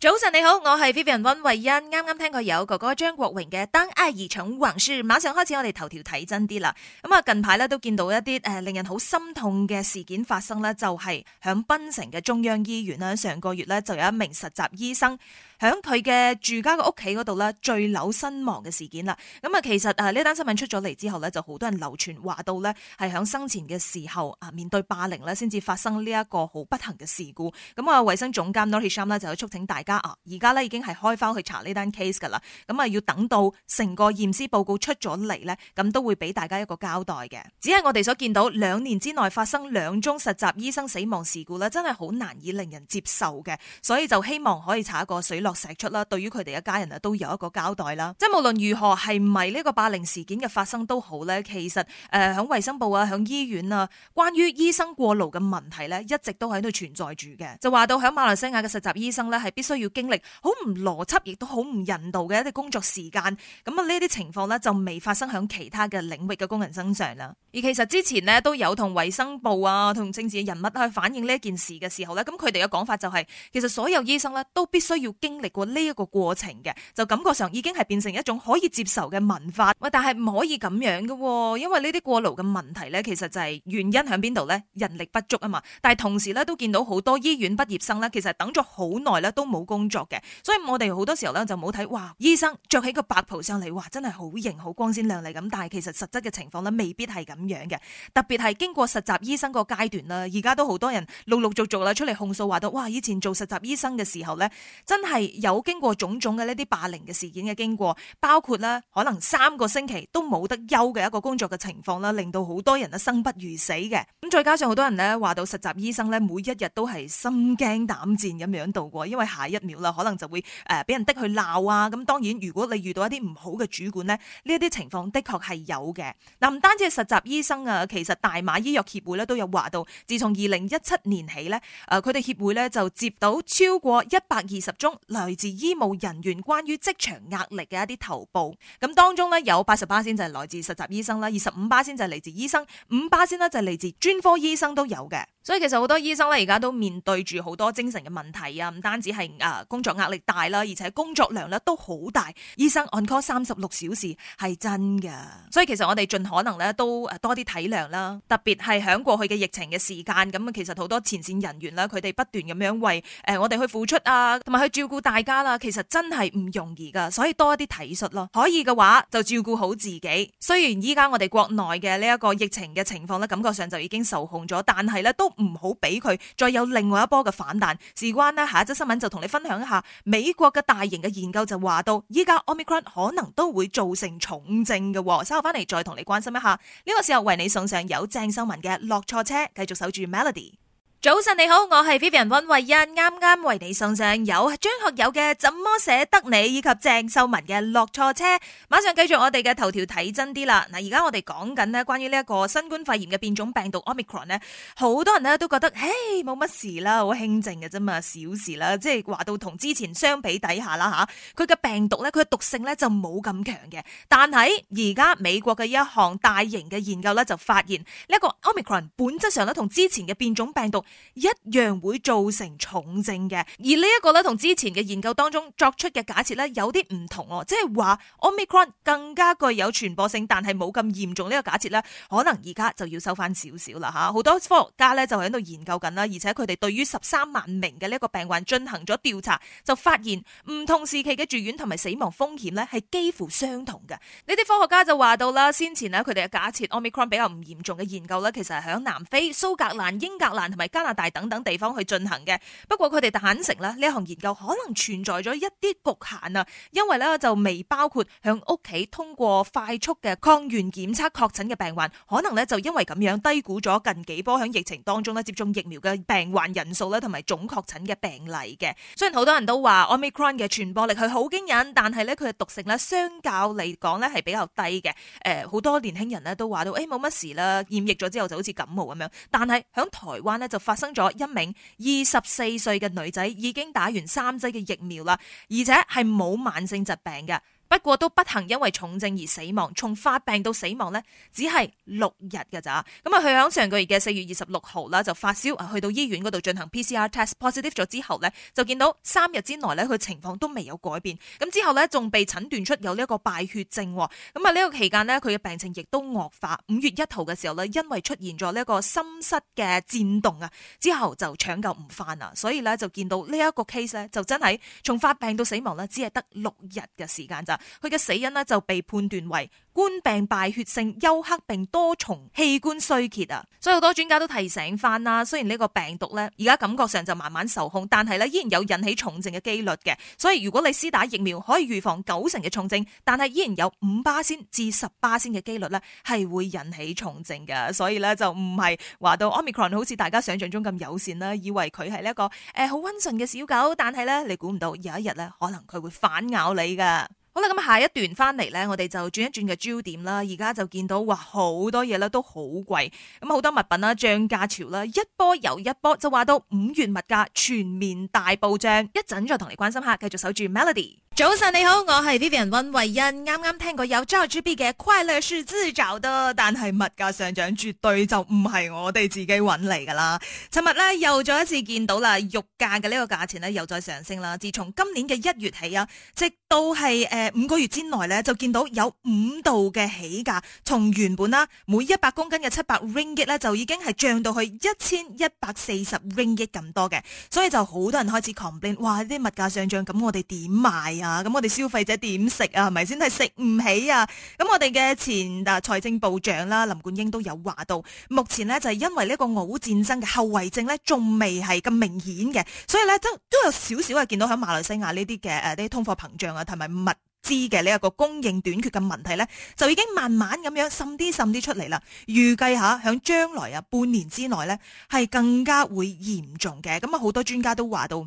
早晨你好，我係 Vivian 溫慧欣，啱啱聽過有哥哥張國榮嘅《當愛已成往事》，馬上開始，我哋頭條睇真啲啦。咁啊，近排咧都見到一啲誒令人好心痛嘅事件發生咧，就係、是、響檳城嘅中央醫院啦。上個月咧就有一名實習醫生，響佢嘅住家嘅屋企嗰度咧墜樓身亡嘅事件啦。咁啊，其實啊呢單新聞出咗嚟之後咧，就好多人流傳話到咧係響生前嘅時候啊面對霸凌咧先至發生呢一個好不幸嘅事故。咁啊，衛生總監 Noor Hisham 咧就促請大家啊，而家咧已經係開翻去查呢單 case 噶啦。咁啊，要等到成個驗屍報告出咗嚟咧，咁都會俾大家一個交代嘅。只係我哋所見到兩年之內發生兩宗實習醫生死亡事故咧，真係好難以令人接受嘅。所以就希望可以查一個水落石出啦，對於佢哋一家人啊，都有一個交代啦。即係無論如何係唔係呢個霸凌事件嘅發生都好咧，其實誒響、呃、衛生部啊、響醫院啊，關於醫生過勞嘅問題咧，一直都喺度存在住嘅。就話到響馬來西亞嘅實習醫生咧，係必須要經歷好唔邏輯亦都好唔人道嘅一啲工作時間。咁啊呢啲情況咧就未發生響其他嘅領域嘅工人身上啦。而其實之前咧都有同衛生部啊、同政治人物去反映呢一件事嘅時候咧，咁佢哋嘅講法就係、是，其實所有醫生咧都必須要經。經歷過呢一個過程嘅，就感覺上已經係變成一種可以接受嘅文化。喂，但係唔可以咁樣嘅，因為呢啲過勞嘅問題呢，其實就係原因喺邊度呢？人力不足啊嘛。但係同時呢，都見到好多醫院畢業生呢，其實等咗好耐呢都冇工作嘅。所以我哋好多時候呢，就冇睇哇，醫生着起個白袍上嚟，哇，真係好型好光鮮亮麗咁。但係其實實質嘅情況呢，未必係咁樣嘅。特別係經過實習醫生個階段啦，而家都好多人陸陸續續啦出嚟控訴，話到哇，以前做實習醫生嘅時候呢，真係。有經過種種嘅呢啲霸凌嘅事件嘅經過，包括呢可能三個星期都冇得休嘅一個工作嘅情況啦，令到好多人呢生不如死嘅。咁再加上好多人呢話到實習醫生呢每一日都係心驚膽戰咁樣度過，因為下一秒啦，可能就會誒俾人的去鬧啊。咁當然，如果你遇到一啲唔好嘅主管呢，呢一啲情況的確係有嘅。嗱，唔單止係實習醫生啊，其實大馬醫藥協會呢都有話到，自從二零一七年起呢，誒佢哋協會呢就接到超過一百二十宗。來自醫務人員關於職場壓力嘅一啲投報。咁當中咧有八十巴仙就係、是、來自實習醫生啦，二十五巴仙就係、是、嚟自醫生，五巴仙呢就係、是、嚟自專科醫生都有嘅。所以其實好多醫生咧，而家都面對住好多精神嘅問題啊！唔單止係誒工作壓力大啦，而且工作量咧都好大。醫生 on call 三十六小時係真㗎，所以其實我哋盡可能咧都誒多啲體諒啦。特別係響過去嘅疫情嘅時間，咁其實好多前線人員啦，佢哋不斷咁樣為誒我哋去付出啊，同埋去照顧大家啦，其實真係唔容易㗎。所以多一啲體恤咯，可以嘅話就照顧好自己。雖然依家我哋國內嘅呢一個疫情嘅情況咧，感覺上就已經受控咗，但係咧都，唔好俾佢再有另外一波嘅反彈。事關下一則新聞就同你分享一下。美國嘅大型嘅研究就話到，依家 Omicron 可能都會造成重症嘅、哦。稍後翻嚟再同你關心一下。呢個時候為你送上有鄭秀文嘅落錯車，繼續守住 Melody。早晨你好，我係 Vivian 溫慧欣，啱啱為你送上，上有張學友嘅《怎麼捨得你》，以及鄭秀文嘅《落錯車》。馬上繼續我哋嘅頭條睇真啲啦。嗱，而家我哋講緊咧，關於呢一個新冠肺炎嘅變種病毒 Omicron 呢，好多人呢都覺得，嘿，冇乜事啦，好輕症嘅啫嘛，小事啦。即係話到同之前相比底下啦吓，佢嘅病毒咧，佢嘅毒性咧就冇咁強嘅。但係而家美國嘅呢一項大型嘅研究咧就發現，呢、呢個 Omicron 本質上咧同之前嘅變種病毒。一樣會造成重症嘅，而呢一個咧同之前嘅研究當中作出嘅假設咧有啲唔同，即係話 Omicron 更加具有傳播性，但係冇咁嚴重呢個假設咧，可能而家就要收翻少少啦吓，好多科學家咧就喺度研究緊啦，而且佢哋對於十三萬名嘅呢個病患進行咗調查，就發現唔同時期嘅住院同埋死亡風險咧係幾乎相同嘅。呢啲科學家就話到啦，先前咧佢哋嘅假設 Omicron 比較唔嚴重嘅研究咧，其實係響南非、蘇格蘭、英格蘭同埋加拿大等等地方去進行嘅，不過佢哋坦承咧，呢一項研究可能存在咗一啲局限啊，因為咧就未包括向屋企通過快速嘅抗原檢測確診嘅病患，可能咧就因為咁樣低估咗近幾波響疫情當中咧接種疫苗嘅病患人數咧，同埋總確診嘅病例嘅。雖然好多人都話 Omicron 嘅傳播力係好驚人，但係咧佢嘅毒性咧相較嚟講咧係比較低嘅。誒、呃，好多年輕人咧都話到誒冇乜事啦，染疫咗之後就好似感冒咁樣，但係響台灣咧就，發生咗一名二十四歲嘅女仔已經打完三劑嘅疫苗啦，而且係冇慢性疾病嘅。不過都不幸因為重症而死亡，從發病到死亡呢，只係六日㗎咋。咁啊，佢響上個月嘅四月二十六號啦，就發燒，去到醫院嗰度進行 PCR test positive 咗之後呢，就見到三日之內呢，佢情況都未有改變。咁之後呢，仲被診斷出有呢一個敗血症。咁啊，呢個期間呢，佢嘅病情亦都惡化。五月一號嘅時候呢，因為出現咗呢一個心室嘅顫動啊，之後就搶救唔翻啦。所以呢，就見到呢一個 case 咧，就真係從發病到死亡呢，只係得六日嘅時間咋。佢嘅死因呢，就被判斷為冠病敗血性休克並多重器官衰竭啊！所以好多專家都提醒翻啦，雖然呢個病毒咧而家感覺上就慢慢受控，但係呢依然有引起重症嘅幾率嘅。所以如果你施打疫苗可以預防九成嘅重症，但係依然有五巴仙至十巴仙嘅幾率咧係會引起重症嘅。所以呢，就唔係話到 Omicron 好似大家想象中咁友善啦，以為佢係一個誒好溫順嘅小狗，但係呢，你估唔到有一日呢可能佢會反咬你噶。好啦，咁下一段翻嚟咧，我哋就轉一轉嘅焦點啦。而家就見到哇，好多嘢咧都好貴，咁好多物品啦，漲價潮啦，一波又一波，就話到五月物價全面大暴漲。一陣再同你關心下，繼續守住 Melody。早晨你好，我係 Vivian 溫慧欣。啱啱聽過有 Joe G B 嘅《快樂是自找的》，但係物價上漲絕對就唔係我哋自己搵嚟噶啦。尋日咧又再一次見到啦，肉價嘅呢個價錢咧又再上升啦。自從今年嘅一月起啊，直到係誒五個月之內咧就見到有五度嘅起價，從原本啦每一百公斤嘅七百 ringgit 咧就已經係漲到去一千一百四十 ringgit 咁多嘅，所以就好多人開始狂 bling，哇！啲物價上漲，咁我哋點買啊？啊，咁我哋消費者點食啊，係咪先？係食唔起啊！咁、啊、我哋嘅前啊財政部長啦林冠英都有話到，目前咧就係、是、因為呢個俄烏戰爭嘅後遺症咧仲未係咁明顯嘅，所以咧都都有少少啊見到喺馬來西亞呢啲嘅誒啲通貨膨脹啊，同埋物資嘅呢一個供應短缺嘅問題咧，就已經慢慢咁樣滲啲滲啲出嚟啦。預計下，喺將來啊半年之內咧係更加會嚴重嘅。咁啊，好多專家都話到。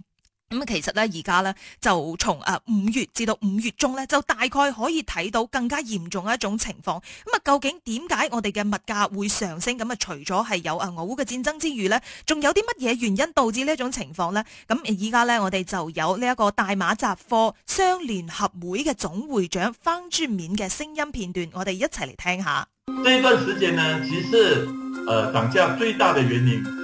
咁、嗯、其實咧，而家咧就從啊五月至到五月中咧，就大概可以睇到更加嚴重嘅一種情況。咁、嗯、啊，究竟點解我哋嘅物價會上升？咁、嗯、啊，除咗係有啊俄烏嘅戰爭之餘呢，仲有啲乜嘢原因導致呢一種情況呢？咁而家呢，我哋就有呢一個大馬雜貨商聯合會嘅總會長方專面嘅聲音片段，我哋一齊嚟聽下。呢段時間呢，其實，呃，漲價最大嘅原因。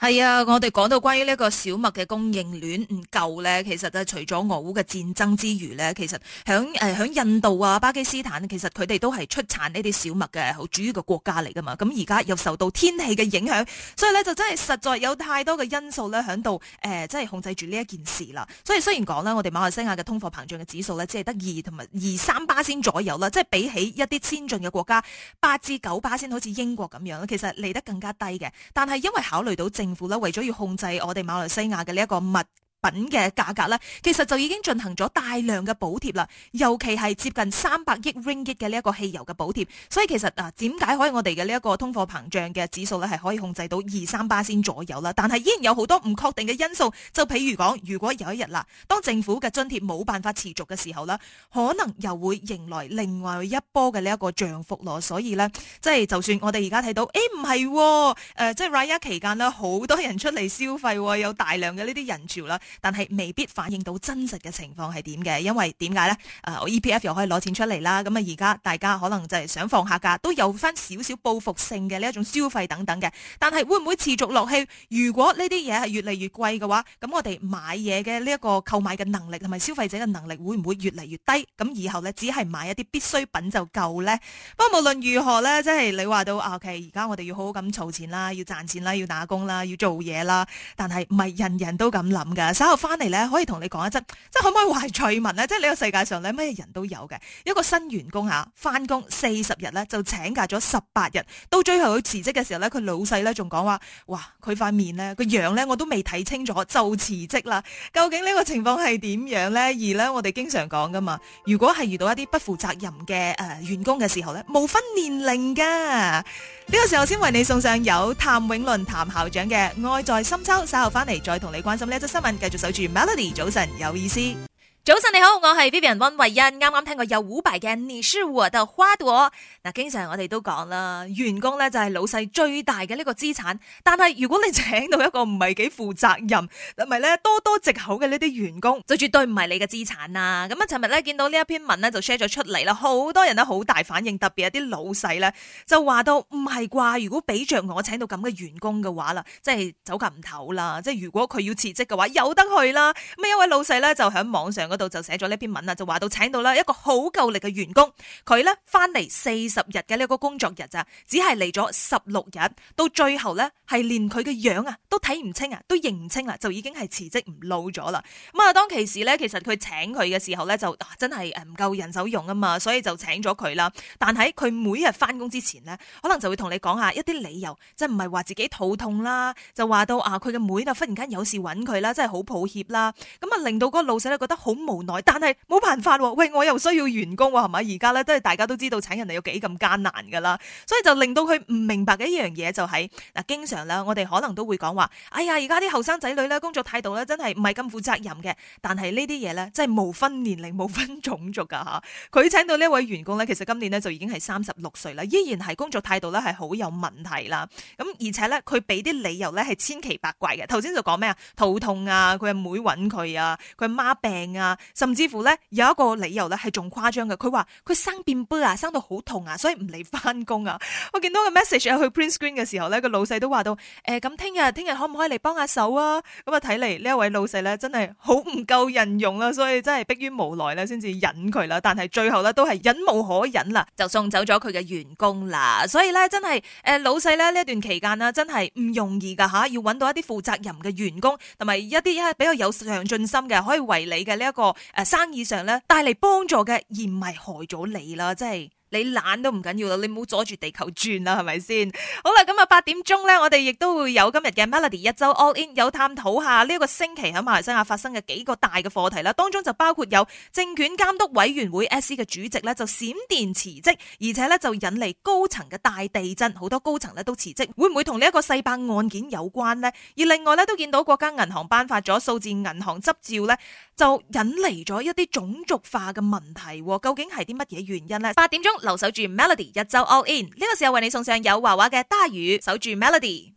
係啊，我哋講到關於呢個小麥嘅供應鏈唔夠呢。其實誒除咗俄烏嘅戰爭之餘呢，其實響誒響印度啊、巴基斯坦，其實佢哋都係出產呢啲小麥嘅好主要嘅國家嚟噶嘛。咁而家又受到天氣嘅影響，所以呢就真係實在有太多嘅因素呢響度，誒、呃，真係控制住呢一件事啦。所以雖然講呢，我哋馬來西亞嘅通貨膨脹嘅指數呢，即係得二同埋二三巴先左右啦，即係比起一啲先進嘅國家八至九巴先，好似英國咁樣，其實嚟得更加低嘅。但係因為考慮到政政府咧為咗要控制我哋馬來西亞嘅呢一個物。品嘅價格咧，其實就已經進行咗大量嘅補貼啦，尤其係接近三百億 ringgit 嘅呢一個汽油嘅補貼，所以其實啊，點解可以我哋嘅呢一個通貨膨脹嘅指數咧係可以控制到二三巴仙左右啦？但係依然有好多唔確定嘅因素，就譬如講，如果有一日啦，當政府嘅津貼冇辦法持續嘅時候啦，可能又會迎來另外一波嘅呢一個漲幅咯。所以咧，即係就算我哋而家睇到，誒唔係，誒、哦呃、即係 Raya 期間啦，好多人出嚟消費，有大量嘅呢啲人潮啦。但係未必反映到真實嘅情況係點嘅，因為點解咧？誒，EPF 又可以攞錢出嚟啦。咁啊，而家大家可能就係想放下假，都有翻少少報復性嘅呢一種消費等等嘅。但係會唔會持續落去？如果呢啲嘢係越嚟越貴嘅話，咁我哋買嘢嘅呢一個購買嘅能力同埋消費者嘅能力會唔會越嚟越低？咁以後咧，只係買一啲必需品就夠咧。不過無論如何咧，即係你話到啊，OK 而家我哋要好好咁儲錢啦，要賺錢啦，要打工啦，要做嘢啦。但係唔係人人都咁諗㗎。稍後翻嚟咧，可以同你講一則，即係可唔可以話係趣聞咧？即係呢個世界上咧，咩人都有嘅。一個新員工吓，翻工四十日咧，就請假咗十八日，到最後佢辭職嘅時候咧，佢老細咧仲講話，哇，佢塊面咧，個樣咧，我都未睇清楚就辭職啦。究竟呢個情況係點樣咧？而咧，我哋經常講噶嘛，如果係遇到一啲不負責任嘅誒員工嘅時候咧，無分年齡噶。呢個時候先為你送上由譚詠麟譚校長嘅愛在深秋，稍後返嚟再同你關心呢一則新聞，繼續守住 Melody 早晨有意思。早晨你好，我係 Vivian 溫慧欣。啱啱聽過有伍佰嘅《你是我的花朵》。嗱，經常我哋都講啦，員工咧就係、是、老細最大嘅呢個資產。但係如果你請到一個唔係幾負責任，唔係咧多多借口嘅呢啲員工，就絕對唔係你嘅資產啦。咁、嗯、啊，尋日咧，見到呢一篇文咧就 share 咗出嚟啦，好多人都好大反應，特別有啲老細咧就話到唔係啩？如果俾着我請到咁嘅員工嘅話是啦，即係走頭唔投啦。即係如果佢要辭職嘅話，有得去啦。咁、嗯、一位老細咧就喺網上的度就寫咗呢篇文啦，就話到請到啦一個好夠力嘅員工，佢咧翻嚟四十日嘅呢個個工作日咋，只係嚟咗十六日，到最後咧係連佢嘅樣啊都睇唔清啊，都認唔清啊，就已經係辭職唔撈咗啦。咁、嗯、啊，當其時咧，其實佢請佢嘅時候咧，就、啊、真係唔夠人手用啊嘛，所以就請咗佢啦。但喺佢每日翻工之前咧，可能就會同你講下一啲理由，即唔係話自己肚痛啦，就話到啊佢嘅妹啊忽然間有事揾佢啦，真係好抱歉啦。咁、嗯、啊令到嗰個老細咧覺得好無奈，但係冇辦法喎。喂，我又需要員工喎，係咪？而家咧都係大家都知道，請人嚟，有幾咁艱難噶啦，所以就令到佢唔明白嘅一樣嘢就係、是、嗱，經常啦我哋可能都會講話，哎呀，而家啲後生仔女咧工作態度咧真係唔係咁負責任嘅。但係呢啲嘢咧真係無分年齡、無分種族噶吓。佢請到呢位員工咧，其實今年咧就已經係三十六歲啦，依然係工作態度咧係好有問題啦。咁而且咧佢俾啲理由咧係千奇百怪嘅。頭先就講咩啊？肚痛啊，佢阿妹揾佢啊，佢阿媽病啊。甚至乎咧有一個理由咧係仲誇張嘅，佢話佢生便杯啊，生到好痛啊，所以唔嚟返工啊。我見到個 message 去 print screen 嘅時候咧，個老細都話到誒，咁聽日聽日可唔可以嚟幫下手啊？咁啊，睇嚟呢一位老細咧真係好唔夠人用啦，所以真係逼於無奈咧先至忍佢啦。但係最後咧都係忍無可忍啦，就送走咗佢嘅員工啦。所以咧真係誒，老細咧呢一段期間啊，真係唔容易噶吓，要揾到一啲負責任嘅員工同埋一啲比較有上進心嘅，可以為你嘅呢一。個誒生意上咧帶嚟幫助嘅，而唔係害咗你啦，即係。你懶都唔緊要啦，你唔好阻住地球轉啦，係咪先？好啦，咁啊八點鐘呢，我哋亦都會有今日嘅 Melody 一周 All In，有探討下呢個星期喺馬來西亞發生嘅幾個大嘅課題啦。當中就包括有證券監督委員會 SC 嘅主席呢，就閃電辭職，而且呢，就引嚟高層嘅大地震，好多高層呢都辭職，會唔會同呢一個世霸案件有關呢？而另外呢，都見到國家銀行頒發咗數字銀行執照呢，就引嚟咗一啲種族化嘅問題，究竟係啲乜嘢原因呢？八點鐘。留守住 melody，一週 all in 呢個時候為你送上有娃娃嘅大魚，守住 melody。